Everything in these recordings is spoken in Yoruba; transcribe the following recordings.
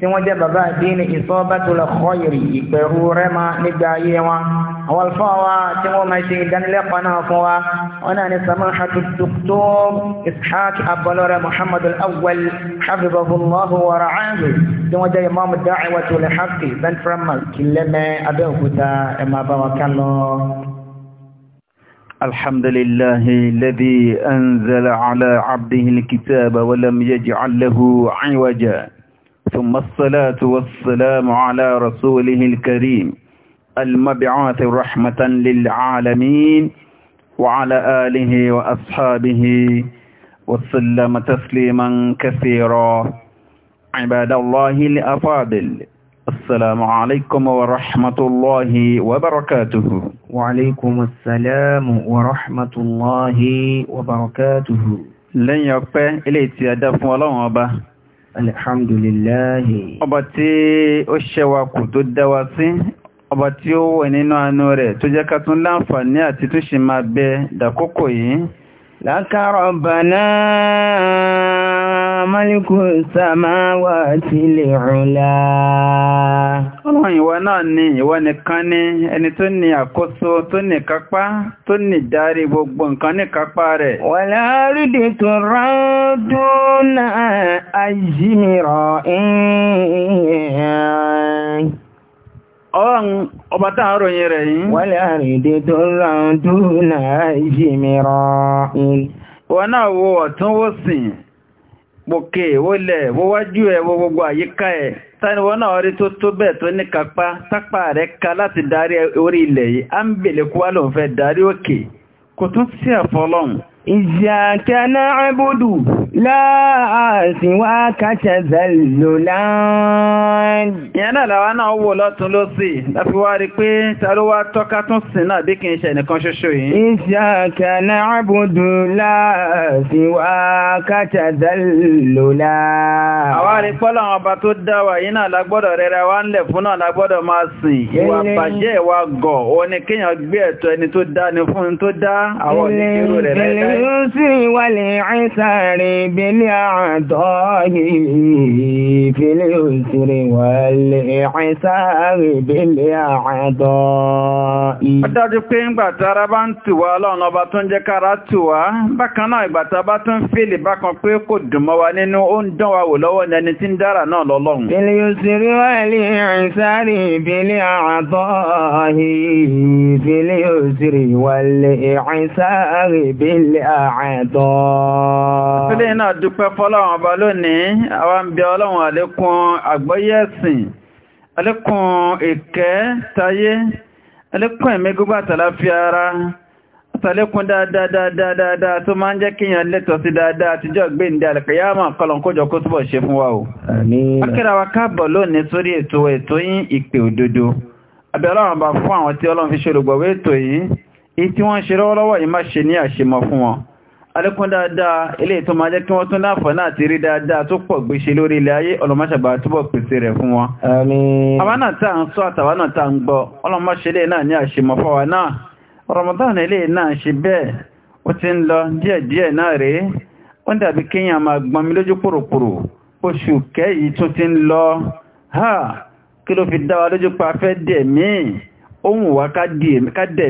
tí wọ́n jẹ́ bàbá àdínì ìsọ́bẹ́tòlẹ̀ kọ́yìrì ìpẹ̀rù rẹ́mà nígbà ayé wa àwọn alfa wa tí wọ́n máa ṣe ìdánilẹ́kọ̀ọ́ náà fún wa wọn náà ní samahatu dukto ishaq abọlọrẹ muhammad al-awwal hafizahullahu wa ra'ahu tí wọ́n jẹ́ imam da'watul haqqi central mosque lẹ́mẹ́ abẹ́òkúta ẹ̀ máa bá wa kán lọ. الحمد لله الذي أنزل على عبده الكتاب ولم يجعل له عوجا ثم الصلاة والسلام على رسوله الكريم المبعوث رحمة للعالمين وعلى آله وأصحابه وسلم تسليما كثيرا عباد الله الأفاضل السلام عليكم ورحمة الله وبركاته وعليكم السلام ورحمة الله وبركاته لن يقف إليتي أدف ولا alhamdulillahi. ọba tí ó ṣẹwa kù tó dáwà sí ọba tí ó wẹ̀ nínú àánú rẹ̀ tó jẹ́ ká tún àti tó ṣe máa bẹ dàkókò yìí. lákàrọ̀ bànáà. ملك السماوات العلى ọlọ́run ìwọ náà ni ìwọ nìkan ni ẹni tó ní àkóso tó ní kápá tó ní darí gbogbo nǹkan ní kápá rẹ̀ wala ridtu raduna ajmira ọba tá a ròyìn rẹ̀ yìí náà wo ọ̀tún sìn gbòkè wólẹ̀ wówájú ẹ̀ wo gbogbo àyíká ẹ̀ tániwọ́ náà rí tó tó bẹ́ẹ̀ tó ní kápá tápà rẹ̀ ká láti darí orí ilẹ̀ yìí á ń bèlè kó wá lòun fẹ́ darí òkè kò tún sí ẹ̀fọ́ lọ́hùn. ìjà kẹ́nà ẹ̀bùdù láàásí wá kàṣẹ zẹ̀lò láàrín. ìyẹn náà làwọn náà wò lọ́tún ló sì láti wá rí pé tàró wá tọ́ka tún sí náà bí kí n ṣe nìkan ṣoṣo yìí. iṣẹ́ na'budu láàásí wá kàṣẹ zẹ̀lò láàrín. àwa pọ́lọ̀ ọba tó dá wa yìí náà lágbọ́dọ̀ rẹra wá ńlẹ̀ fún náà lágbọ́dọ̀ máa sìn ìwà bàjẹ́ ni fún tó dá àwọn ìṣirò rẹ̀ بالأعضاء في اليسر والإعسار بالأعضاء Adájú pé ń gbàtara bá ń tù wá lọ́nà ọba tó ń jẹ́ kára tù wá, bákan náà ìgbàtà bá tó ń fèlè bákan pé kò dùn mọ́ wa nínú ó ń dán wa wò lọ́wọ́ ní ẹni tí ń dára náà lọ́lọ́run. Bílí òsìrí wà lè rìn sáré ìbílí àtọ́ ìbílí òsìrí wà lè rìn sáré ìbílí àtọ́ náà dúpẹ́ fọ́lọ́wọ̀n ọba lónìí àwọn bí ọlọ́wọ̀n àlékún àgbọ́yẹ̀sìn àlékún ìkẹ́ tayé àlékún ẹ̀mí gbogbo àtàláfíà ara àtàlékún dáadáa tó máa ń jẹ́ kíyàn lẹ́tọ̀ sí dáadáa àtijọ́ gbé ní alìkìyàmà kọlọ̀n kójọ alékún dáadáa ilé ìtọ́ máa jẹ́ kí wọ́n tún láàfọ́ náà ti rí dáadáa tó pọ̀ gbéṣe lórí ilẹ̀ ayé ọlọ́mọ́ṣàbà túbọ̀ pèsè rẹ̀ fún wọn. àmín. àwa náà tá à ń sọ àtàwa náà tá à ń gbọ́ ọlọ́mọ́ṣẹ́lẹ̀ náà ní àṣemọ̀ náà Ramadan ilé náà ṣe bẹ́ẹ̀ ó ti ń lọ díẹ̀díẹ̀ náà rèé ó ń dàbí kéèyàn máa gbọ́n mi lójú pòròpòrò oṣù kẹ́yìí ha kí ló fi dá wa lójú pa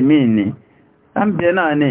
ni. à ni.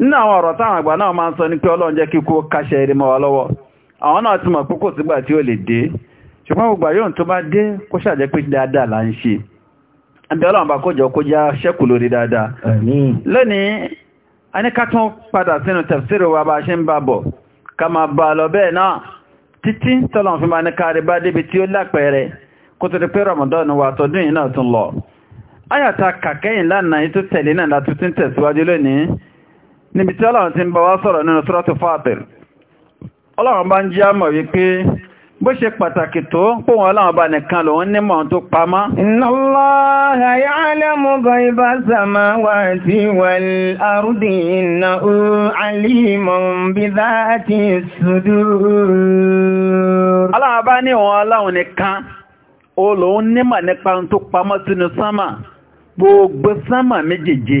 nínú àwọn ọ̀rọ̀ táwọn àgbà náà máa ń sọ ní pé ọlọ́run jẹ́ kíkú káṣẹ eré mọ́ wa lọ́wọ́ àwọn náà ti mọ̀ pé kò sígbà tí ó lè dé ṣùgbọ́n gbogbo àyóhùn tó bá dé kó ṣàjẹ́ pé dáadáa là ń ṣe àbí ọlọ́run bá kójọ kó já ṣẹ́kù lórí dáadáa lónìí a ní ká tún padà sínú tafsiri wa bá ṣe ń bá bọ̀ ká máa bá lọ bẹ́ẹ̀ náà títí tọ́lọ̀ fi máa ní kárí bá débi tí ó lápẹẹrẹ kó tó di pé Ramadan wa níbi tí ọlọ́run ti ń bá wá sọ̀rọ̀ nínú Suratu Fatir ọlọ́run bá ń jí àmọ̀ wípé bó ṣe pàtàkì tó ń ọlọ́run bá nìkan lòun nímọ̀ tó pamọ́ sudur ọlọ́run bá ní òun ọlọ́run nìkan ó lòun nímọ̀ nípa tó gbogbo sánmà méjèèje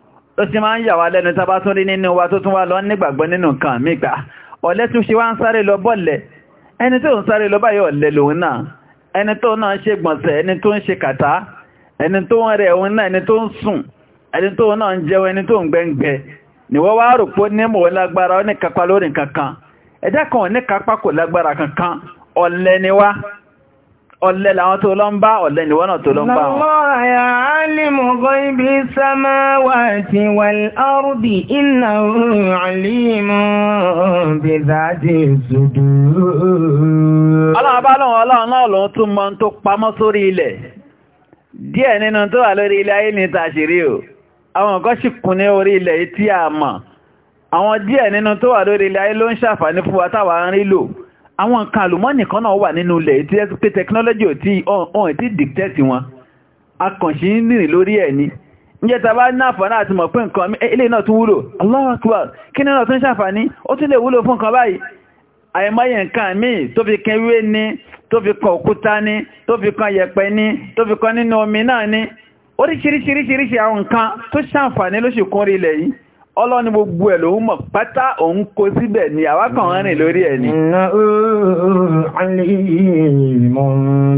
ó sì máa ń yà wá lẹ́nu tàbá tún rí nínú wa tó tún wá lọ nígbàgbọ́ nínú nǹkan mígbà ọ̀lẹ tún ṣe wá ń sáré lọ bọ́ọ̀lẹ̀ ẹni tó ń sáré lọ báyìí ọ̀lẹ lòun náà ẹni tó náà ṣe gbọ̀nsẹ̀ ẹni tó ń ṣe kàtá ẹni tó ni wá ọ̀lẹ làwọn tó lọ ń bá ọ̀lẹ nìwọ́n náà tó lọ ń bá wọn يا عالم غيب السماوات والأرض إنه عليم بذات الصدور Aláàbálọ́wọ́ ọlọ́run náà lọ tún mọ̀ tó pamọ́ sórí ilẹ̀. Díẹ̀ nínú tó wà lórí ilẹ̀ ayé ní tàṣírí o. Àwọn nǹkan sì kún ní orí ilẹ̀ tí a mọ̀. Àwọn díẹ̀ nínú tó wà lórí ilẹ̀ ayé ló ń ṣàǹfààní fún wa táwa ń àwọn nǹkan àlùmọ́nì náà wà nínú ilẹ̀ tí ẹ pé tẹkinọ́lọ́jì ò tí ò tí dìktẹ́tì wọn akànṣí ń rìn lórí ẹ̀ ni ta bá náàfà náà ti mọ̀ pé nǹkan ilé náà tún wúlò Allahu kí ní náà tún ṣàǹfààní ó tún lè wúlò fún nǹkan báyìí àìmọye nǹkan míì tó fi kan ewé tó fi kọ òkúta ọlọ́ni gbogbo ẹ̀ lòun mọ̀ pátá òun kó síbẹ̀ ni àwa rìn lórí ẹ̀ ni. iná alìmọ̀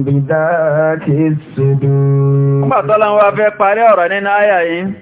bìdá ti sùdù. nígbà tọ́lá ń wá fẹ́ parí ọ̀rọ̀ nínú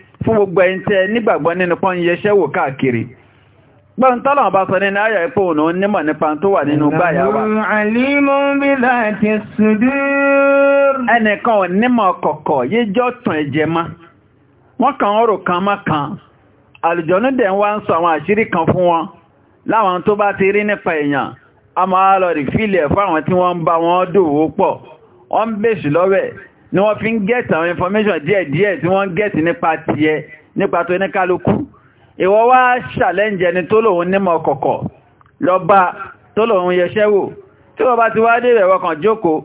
fún gbogbo ẹ̀yin tẹ́ nígbàgbọ́ nínú pọ́n yẹṣẹ́ wò káàkiri gbọ́n bá sọ nínú ayà ipò òun nímọ̀ nípa tó wà nínú báyà wà ẹnìkan dẹ̀ ń wá ń sọ àwọn àṣírí kan fún wọn láwọn tó bá ti rí nípa èèyàn a máa lọ rí fílẹ̀ fún àwọn tí wọ́n ń bá wọn dòwò pọ̀ wọ́n ń bèṣù lọ́wẹ́ ni wọ́n fi ń gẹ́ẹ̀tì àwọn information díẹ̀díẹ̀ tí wọ́n ń gẹ́ẹ̀tì nípa tiẹ̀ nípa tó ní kálukú ìwọ wá ṣàlẹ́ǹjẹ ni tó lòun nímọ̀ kọ̀kọ̀ lọ́ba tó lòun yẹṣẹ́ wò tí wọ́n bá ti wá dé ìrẹ̀wọ̀ kan jókòó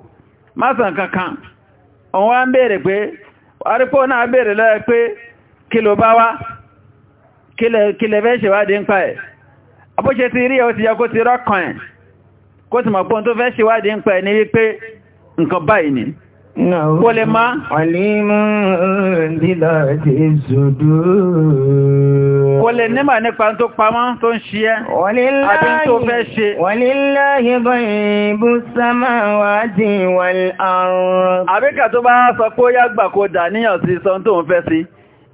má sàn kankan òun wá ń béèrè pé arípò náà béèrè lọ́yẹ pé kí ló bá wá kí lẹ fẹ́ ṣèwádìí ń pa ẹ̀ nǹkan báyìí ni Kó lè máa. Ọ̀límú dídá ti ṣùdú. Kó lè nímà nípa tó pamọ́ tó ń ṣe ẹ́. Àbí tó fẹ́ ṣe. Wàlíláyé báyìí bú sámà wá dì wàl àrùn. Àbíkà tó bá sọ pé ó yàgbà kó dà níyàn sí sọ tó ń fẹ́ sí.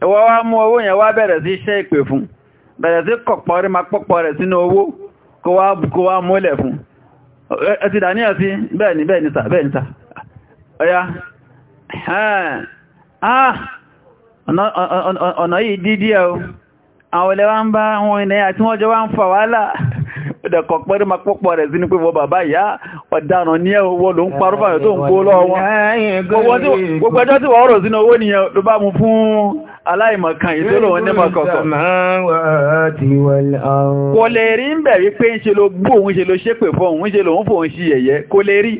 Ìwọ wá mú owó yẹn wá bẹ̀rẹ̀ sí iṣẹ́ ìpè fún. Bẹ̀rẹ̀ sí kọ̀pọ̀ rí máa pọ̀pọ̀ rẹ̀ sínú owó kó wá múlẹ̀ fún. Ẹ ti dà níyàn sí bẹ́ẹ̀ ni sà bẹ́ẹ̀ sà ọya ah, ọ̀nà yìí dídí ẹ̀ o àwọn olè wá ń bá wọn ilẹ̀ àti wọ́n jọ wá ń fà wàhálà ọ̀dẹ̀kọ̀ pẹ́rẹ́ ma pọ́pọ̀ rẹ̀ sí ní pé wọ́n bàbá ìyá ọ̀daràn ní ẹwọ́ ló ń parọ́ fàyọ̀ tó ń kó lọ́wọ́ gbogbo ẹjọ́ tí wọ́n rọ̀ sínú owó nìyẹn ló bá mú fún aláìmọ̀kan ìtòlò wọn ní mọ̀kọ̀kọ̀. kò lè rí ń bẹ̀ wípé ń ṣe ló gbó òun ṣe ló ṣépè fún òun ṣe lòun fòun ṣe yẹ̀yẹ́ kò lè rí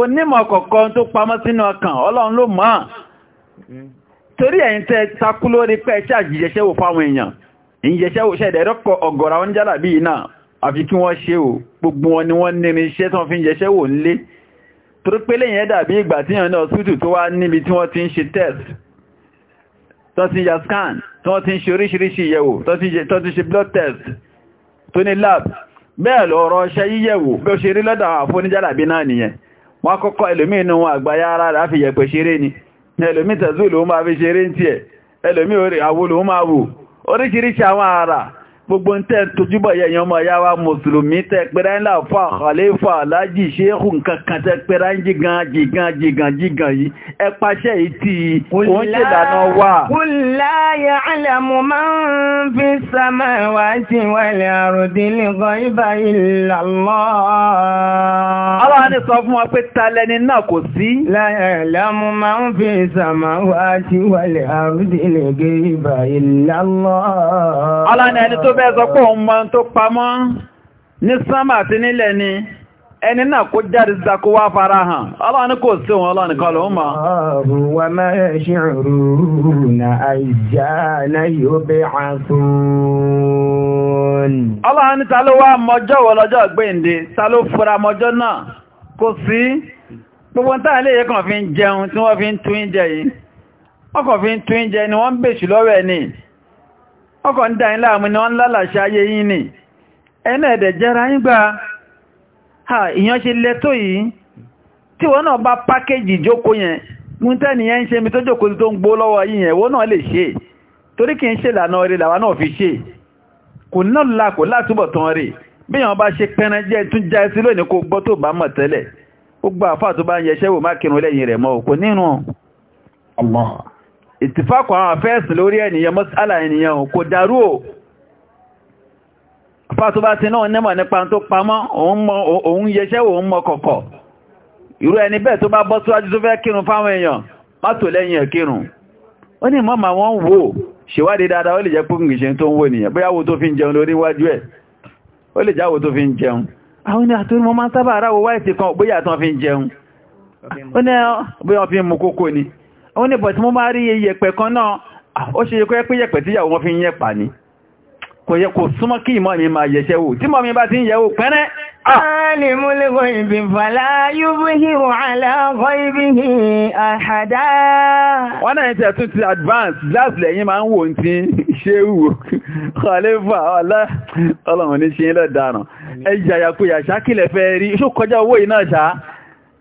kò nímọ̀ kọ̀kọ́ tó pamọ́ sínú ọkàn ọlọ́run ló mọ̀ mm-hmm. torí ẹ̀yin tẹ́ takú lórí pé ẹ̀ṣẹ́ àjíjẹṣẹ́ wò fáwọn èèyàn ìjẹṣẹ́ wò ṣẹ̀dẹ̀ rọ́kọ̀ ọ̀gọ̀rọ̀ àwọn jálà bí iná àfi kí wọ́n ṣe ò gbogbo wọn ni wọ́n nírin iṣẹ́ tó fi ń jẹṣẹ́ wò ń ṣe test tó ya scan tó ti ń ṣe oríṣiríṣi ìyẹ̀wò tó blood test tó lab bẹ́ẹ̀ lọ́rọ̀ ṣe yíyẹ̀wò bí ó ṣe rí lọ́dọ̀ àwọn wọ́n kọ́kọ́ ẹlòmí inú wọn àgbáyá ara rẹ̀ fi yẹ̀pẹ̀ ṣeré ni ẹlòmí tẹ̀zú lòun máa fi ṣeré ń tí ẹ̀ ẹlòmí àwo lòun máa wò oríṣiríṣi ara gbogbo ń tẹ́ tójúbọ̀ yẹ̀yàn ọmọ ìyá wa mùsùlùmí tẹ́ pẹ́rẹ́ ńlá fà àléfà aláàjì ṣéhù nǹkankan tẹ́ pẹ́rẹ́ ń jígan jígan jígan jígan yìí ẹ pàṣẹ yìí tí òun ṣe dáná wà. Qul la ya'lamu man fi samawati wal ardi al-ghayba illa Allah. Allah ní sọ fún wa pé talẹ́ni náà kò sí. La ya'lamu man fi samawati wal ardi al-ghayba illa Allah. Allah ní ẹni tó b bẹ́ẹ̀ sọ pé òun tó pamọ́ ní àti nílẹ̀ ni ẹni náà kó jáde síta kó wá fara hàn ọlọ́ni kò sí òun ọlọ́ni kọ́ ọmọ mọ́. ọ̀rùn wa ṣe rúrùnà àìjá yóò bẹ́ àtún. ọlọ́ni wá mọjọ́ fura mọjọ́ náà kò gbogbo lè yẹ fi jẹun fi ń tún jẹ yìí fi ń tún jẹ ni wọ́n ni. ọkọ̀ ń dáyín láàmú ni wọ́n lálàṣẹ ayé yìí ni ẹ̀nà ẹ̀dẹ̀ jẹ́ra yín gba ìyàn ṣe lẹ́tọ́ yìí tí wọ́n náà bá pákéjì jókòó yẹn mú tẹ́ni yẹn ń ṣe mi tó jókòó tó ń gbó lọ́wọ́ yìí yẹn wọ́n náà lè ṣe torí kì í ṣe lànà rẹ̀ làwa náà fi ṣe kò náà lakò látúbọ̀ tán Allah ìtìfàkọ̀ àwọn afẹ́ẹ̀sì lórí ènìyàn mọ́sálà ènìyàn kò dárú ò apá tó bá ti náà nímọ̀ nípa tó pamọ́ òun yẹṣẹ́ òun mọ kọ̀kọ̀ irú ẹni bẹ́ẹ̀ tó bá bọ́ síwájú tó fẹ́ kírun fáwọn èèyàn má tò lẹ́yìn ẹ̀ kírun ó ní mọ́ màá wọ́n wò ṣèwádìí dáadáa ó lè jẹ́ púpù ó ní bọ̀ tí mo máa rí yẹ̀pẹ̀ kan náà ah, ó ṣe yẹ́kọ́ pé yẹ̀pẹ̀ tí ìyàwó wọn fi ń yẹ̀pà ni kò yẹ kò súnmọ́ kí ìmọ̀ mi máa yẹ̀ṣẹ́ wò tí mọ̀ mi bá ti ń yẹ̀wò pẹ́rẹ́ ah! Wọ́n náà ti ẹ̀tún ti advance glass lẹ́yìn máa ń wò tí ṣe wò. Kọ̀lẹ́fà ọlọ́run ní ṣe lọ́dàrán. Ẹjàyàkúyà ṣákìlẹ̀ fẹ́ rí, ṣó kọjá owó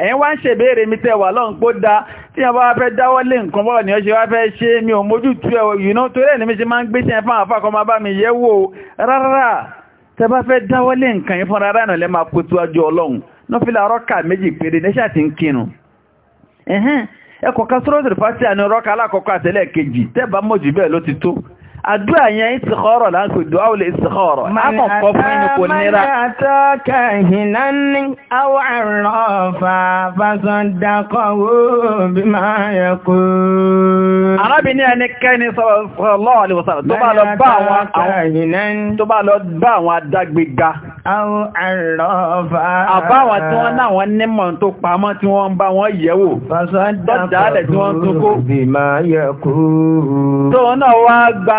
ẹ̀yin wá ń ṣe ìbéèrè mi tẹ́wà lọ́n pó dá tí wọ́n bá fẹ́ dáwọ́ lé nǹkan bọ́ọ̀ ni ó ṣe wá fẹ́ ṣe mi ò mójú tú ẹwọ̀ yìí náà torí ẹ̀nìmí ṣe máa ń gbéṣẹ́ fún àfáà kan máa bá mi yẹ̀ wò rárá tẹ́ bá fẹ́ dáwọ́ lé nǹkan yìí fúnra rárá lẹ́ máa kótó ọjọ́ ọlọ́run nọ́fìlà rọ́kà méjì péré níṣà ti ń àdúrà yẹn ìsìkọ́rọ̀ láti dùá olè ìsìkọ́rọ̀ akọ̀kọ́ fún inú kò nira. mọ̀nà ní àwọ̀ àrọ̀fà fásọ̀dàkọ̀ bí máa tó bá lọ bá àwọn adágbéga. àbáwọn tí wọ́n náwọn nímọ̀ tó pamọ́ tí wọ́n bá wọn yẹ̀wò. fásọ̀dàkọ̀ bí máa yẹ kú. tó náà wá gbá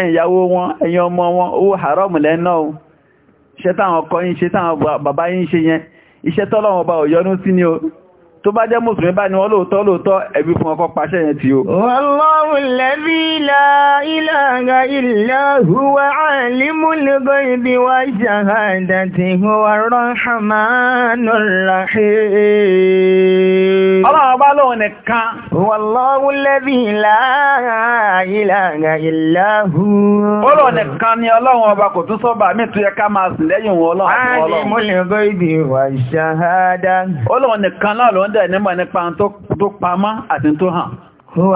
ẹ̀yin ìyàwó wọn ẹ̀yin ọmọ wọn owó haram lẹ́nà o iṣẹ́ táwọn ọkọ yín ṣe táwọn bàbá yín ṣe yẹn iṣẹ́ tọ́lọ́wọ́n bá ọ̀yọ́nú sí ni o tó bá jẹ́ mùsùlùmí bá ní wọ́n lóòótọ́ lóòótọ́ ẹ̀bí fún ọkọ̀ pàṣẹ yẹn tí ó. la ilaha illa alimul ghaibi wa shahadati huwa ar-rahmanur Ọlọ́run ọba kò tún sọ́bà mí tún yẹ ká máa sìn lẹ́yìn wọn ọlọ́run. dẹ̀ nímọ̀ nípa tó pamọ́ àti tó hàn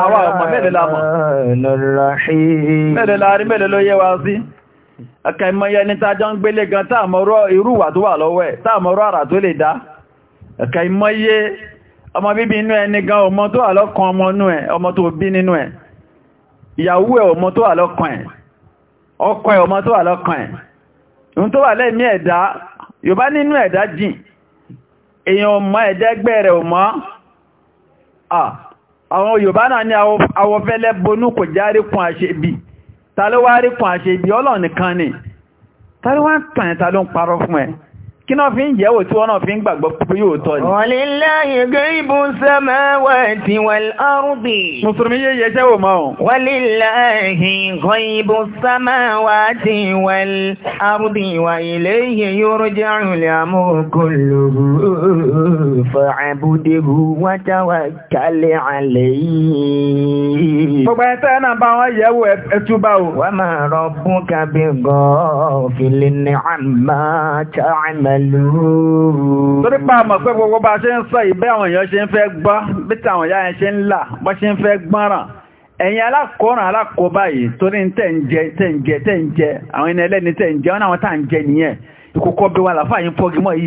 àwọn ọmọ mẹ́lẹ̀ lámọ̀ mẹ́lẹ̀ láàrí mẹ́lẹ̀ ló yẹ wa sí ọkà ìmọ̀yẹ ní tajọ́ ń gbélé gan táàmọ̀rọ̀ irúwà tó wà lọ́wọ́ táàmọ̀rọ̀ àrà tó lè dá èyàn ọmọ ẹ̀dẹ́gbẹ́ rẹ̀ ọmọ àwọn Yorùbá náà ní awọfẹ́lẹ́ bonú kò járí kún àṣebi ta ló wá rí kún àṣebi Ọlọ́run nìkan ni ta ló ló ń parọ́ fún ẹ kí náà fi ń yẹ̀wò tí wọ́n náà fi ń gbàgbọ́ pé yóò tọ́ ni. wàlíláyé gẹ́ìbù sẹ́mẹ́ wẹ̀tí wẹ̀lárùbì. mùsùlùmí yé yẹ jẹ́wò mọ́ o. wàlíláyé gẹ́ìbù sẹ́mẹ́ wẹ̀tí wẹ̀lárùbì wà iléyé yóò jẹ́ ìrìnlẹ̀ amókòlòrò fàábùdéhù wájáwá kálẹ̀ àlẹ́ yìí. gbogbo يعملون torí pa mọ̀ pé gbogbo bá ṣe ń sọ ìbẹ́ àwọn èèyàn ṣe ń fẹ́ gbọ́ bí tàwọn yáyẹn ṣe ń là bọ́ ṣe ń fẹ́ gbọ́ràn ẹ̀yin alákọ̀ọ́ràn alákọ̀ọ́bá yìí torí ń tẹ̀ ń jẹ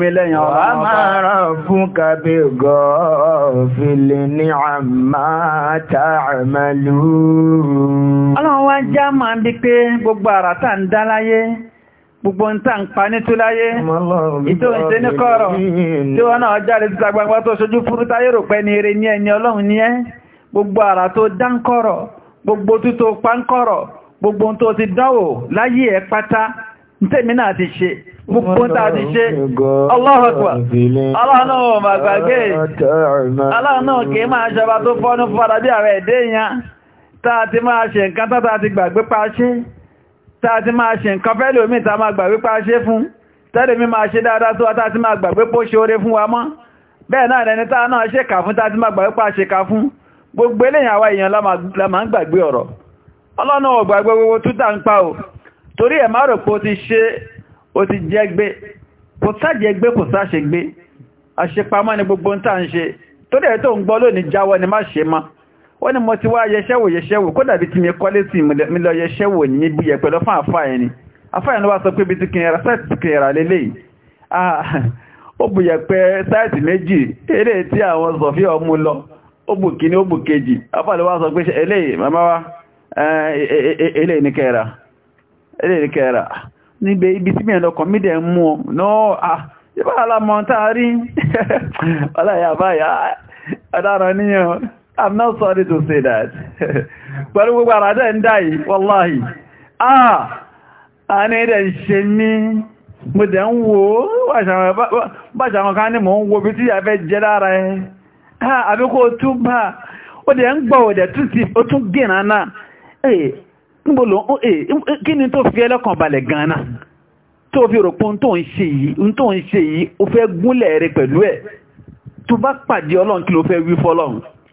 mi lẹ́yìn ọ̀rọ̀ ọba. Wà máa rà fún kàbí gọ́ọ̀fìlì ní àmà tààmàlú. Ọlọ́run wá já máa bí pé gbogbo àrà tà ń dá láyé gbogbo ń tàn pa ní tó láyé ìtò ìṣe ní kọ́rọ̀ tí wọ́n náà jáde títa gbangba tó ṣojú fúrútá yóò pẹ́ ní eré ní ẹni ọlọ́run ní ẹ́ gbogbo àrà tó dáńkọ́rọ̀ gbogbo tútó pánkọ́rọ̀ gbogbo tó ti dánwò láyé ẹ̀ pátá ní tèmi náà ti ṣe gbogbo ta ti ṣe ọlọ́rọ̀pọ̀ aláàánáà ma gbàgbé aláàánáà kìí máa ṣọba tó fọ́nú fọ́dá bí ààrẹ èdè èèyàn táà ti máa ṣe nǹkan tátà ti gbàgbé pa ṣe táà ti máa ṣe nǹkan fẹ́lẹ̀ omi ta máa gbàgbé pa ṣe fún tẹ́lẹ̀ mi máa ṣe dáadáa tó wátá ti máa gbàgbé pó ṣe oore fún wa mọ́ bẹ́ẹ̀ náà rẹ̀ ní táà náà ṣe kà pa ṣe kà fún gbogbo eléyàn àwa èèyàn la máa ń gbàgbé ọ̀rọ̀ ọlọ́nà ọ̀gbàgbé gbogbo tútà ń pa ò torí ẹ̀ má rò ó ti jẹ́ gbé kò sáàjẹ́ gbé kò sáàṣe gbé àṣepamọ́ ni gbogbo ń tà ń ṣe tó dẹ̀ tó ń gbọ́ lónìí jáwọ́ ni má ṣe má ó ní mo ti wá yẹṣẹ́wò yẹṣẹ́wò kó dàbí ti mi kọ́lé sí mi lọ yẹṣẹ́wò ní ibi yẹ pẹ̀lú fún àfáà ẹni àfáà ẹni wá sọ pé ibi tí kìnyẹ̀rà sáìtì kìnyẹ̀rà lélẹ́yìí ah, ó bù yẹ pé sáìtì méjì eré tí àwọn sọ̀fí ọmú lọ ó bù kíní ó bù kejì àfáà níbẹ̀ ibi tí mẹ́rin ọkọ̀ mídẹ̀ ń mú ọ náà ah, yíba alamọ̀ tààrí ọláyàbáyà adáran níyàn i'm not sorry to say that pẹ̀lú gbogbo àrádẹ́ ń dáyì wọ́láhì ah a ní ẹ̀dẹ̀ ṣe ní mo ń wo báṣàwọn kan ní mọ̀ ń si ya tí àfẹ́ jẹ́ lára ẹ ah, àbíkó tún bá ó dẹ̀ ń gbọ́ tuti otu tún na, náà eh, níbo ló ń eh, eh, kí ni tó fi ẹlẹ́kàn balẹ̀ gan-an tó fi rò pé ń tó ń ṣe yìí ń tó ń ṣe yìí ó fẹ́ gúnlẹ̀ rẹ pẹ̀lú ẹ̀ tó bá pàdé ọlọ́run kí ló fẹ́ wí fọlọ́run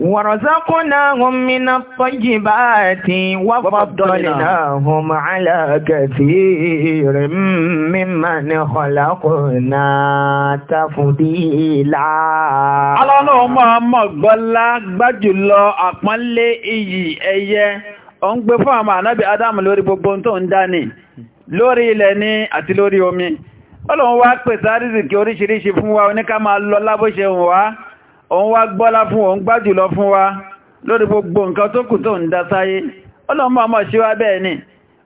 ورزقناهم من الطيبات وفضلناهم على كثير ممن خلقنا تفضيلا Ọlọ́run máa mọ̀ gbọ́lá gbájúlọ àpọ́nlé iyì ẹyẹ, ọ ń gbé fún àwọn ànábì Ádámù lórí gbogbo tó ilẹ̀ ní àti lórí omi. Ọlọ́run wá pèsè àrísìkí oríṣiríṣi fún wa oníká máa lọ lábóṣe wọ́n wá òun wá gbọ́lá fún òun gbájùlọ fún wa lórí gbogbo nǹkan tó kù tó ń dá sáyé ọlọ́mọ ọmọ ṣíwá bẹ́ẹ̀ ni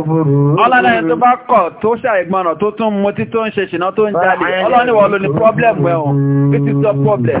kúfúrú. Ọlọ́lẹ́yìn tó bá kọ̀ tó ṣàìgbọ́nà tó tún mutí tó ń ṣe ṣìná tó ń jáde. Ọlọ́ni wọ́n ló ní pọ́blẹ̀mù ẹ̀wọ̀n. This is the problem.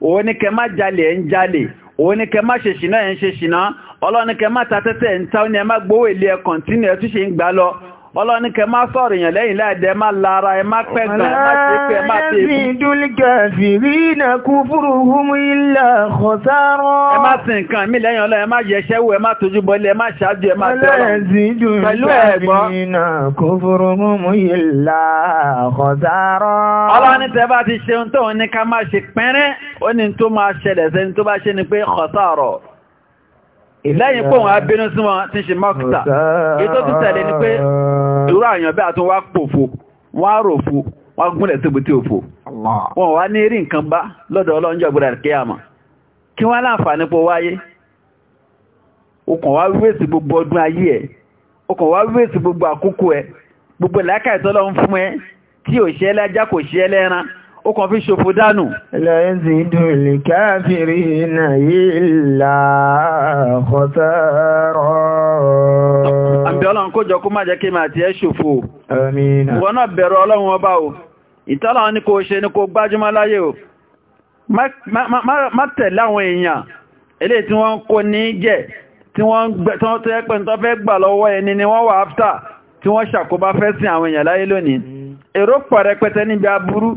òun ní kẹ má jalè ẹ̀ ń jalè òun ní kẹ má ṣe ṣìnà ẹ̀ ń ṣe ṣìnà ọlọ́run kẹ má ta tẹ́tẹ́ ẹ̀ ń ta ó ní ẹ má gbówó ilé ẹ̀ kọ̀ǹtínú ẹ̀ tún ṣe ń gbà lọ ọlọ́ni kẹ máa sọ̀rọ̀ èèyàn lẹ́yìn láìdẹ máa lára ẹ máa pẹ̀gàn máa ṣe pé máa ṣe ìbú. ìdúlgà fìrí ìnà kú fúrú húmú ilẹ̀ ọ̀sáró. ẹ má sin nǹkan mi lẹ́yìn ọlọ́ ẹ má yẹ ṣẹ́wó ẹ má tójú bọ́lé ẹ má ṣáájú ẹ má tẹ́lọ. ọlọ́ẹ̀sì ìdúlgà fìrí ìnà kú ọlọ́ni tẹ bá ti ṣe ohun tó ní ká má ṣe pẹ́rẹ́ ó ní tó máa ṣẹlẹ̀ sẹ́ni tó bá ṣe ni pé ọ̀sáró ìlẹ́yìn pò wọn abínú sí wọn tí ṣe mọ́kítà ètò tó tẹ̀lé ní pé irú àyàn bẹ́ àtún wá pòfo wọ́n rọ̀fo wọ́n gúnlẹ̀ síbi tí òfo wọn wá ní rí nǹkan bá lọ́dọ̀ ọlọ́njọ́ gbọ́dọ̀ wọ́n wá gbogbo ayé ó kàn fi ṣòfò dánù. lẹ́ẹ̀sì dùnlé káàfìrí náà ìlà ọ̀sẹ̀rọ̀. àbí ọlọ́run kó jọ kó má jẹ́ kí màá ti ẹ́ ṣòfò. wọ́n náà bẹ̀rù ọlọ́run ọba o ìtọ́lọ́run ni kò ṣe ni kò gbájúmọ́ láyé o má tẹ̀lé àwọn èèyàn eléyìí tí wọ́n kò ní jẹ́ tí wọ́n èrò pọ̀ rẹpẹtẹ níbi aburú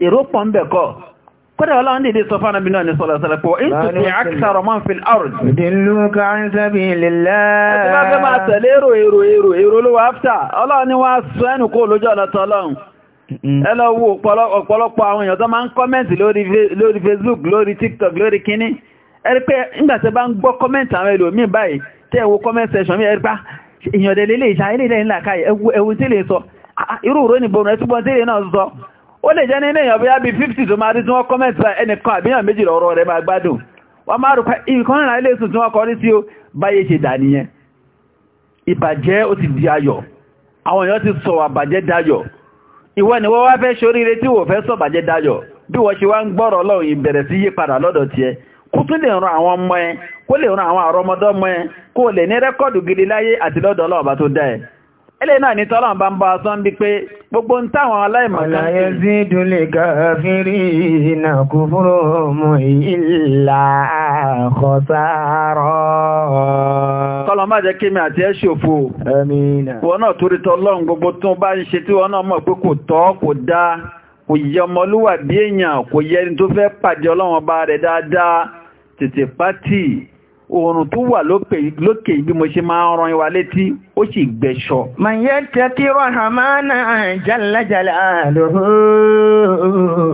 èrò ń bẹ̀ kọ́ kódà ọlọ́run dìde sọ fánà bí náà ní sọ́lọ̀ pọ̀ in àkísàrọ̀ máa fi àrùn ìdínlúkà ó lè jẹ́ nínú èèyàn bóyá bí 50 tó máa rí tí wọ́n kọ́mẹ̀tì ẹnìkan àbíyàn méjìlá ọ̀rọ̀ rẹ̀ máa gbádùn wọ́n máa rúpa ìkan ìrìnà ilé ìsùn tí wọ́n kọrí sí ó báyé ṣe dà nìyẹn ìbàjẹ́ ti di ayọ̀ àwọn èèyàn ti sọ àbàjẹ́ dayọ̀ ìwọ ni wọ́n wá fẹ́ ṣoríire ẹlẹ́ náà ní tọ́lọ̀ bá ń bá ọsán bí pé gbogbo ń táwọn aláìmọ̀ká ṣe yazidu likafirina kufruhum illa khasara tọ́lọ̀ kò tọ́ kò dáa èèyàn kò yẹ ẹni tó fẹ́ pàdé ọlọ́wọ́n bá rẹ̀ dáadáa tètè pátì oòrùn tó wà lókè bí mo ṣe máa rán ìwà létí ó sì gbẹ̀ṣọ́. mayẹ́ tẹ́tí rọ̀hàmánà jálàjálà lóhó.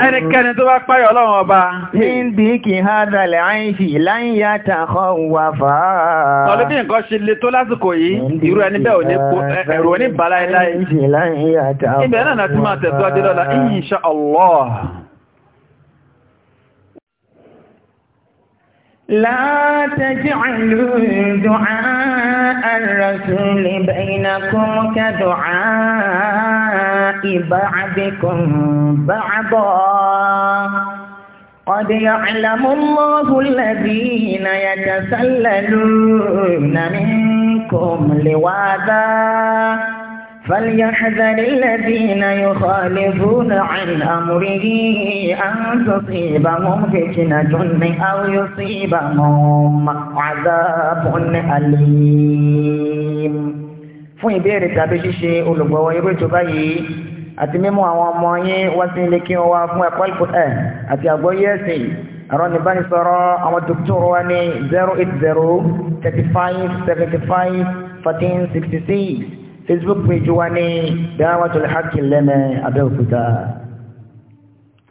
ẹnikẹ́ni tó bá páyọ̀ ọlọ́run ọba. níbi kì í hádàlẹ̀ àìṣì láyé àtàkọ́ wà fà tọ́lú bí nǹkan ṣe le tó lásìkò yìí irú ẹni bẹ́ẹ̀ ò ní kó ẹ̀rù oníbàlá ẹ̀láyé. ibẹ̀ náà ti máa tẹ̀síwájú lọ́la لا تجعلوا دعاء الرسول بينكم كدعاء بعضكم بعضا قد يعلم الله الذين يتسللون منكم لواذا فليحذر الذين يخالفون عن أمره أن تصيبهم فتنة أو يصيبهم عذاب أليم fún ìbéèrè tàbí ṣíṣe olùgbọ̀wọ́ irú ètò báyìí àti mímú àwọn ọmọ yín wá sí ilé kí wọ́n wá fún ẹ̀kọ́ ìpòtẹ́ àti àgbọ́yé ẹ̀sìn ẹ̀rọ ìbánisọ̀rọ̀ àwọn dókítọ̀rọ̀ wa ní 080 35 75 14 66 facebook page wa ní dáwàtò lẹ́hàkì lẹ́nà abẹ́òkúta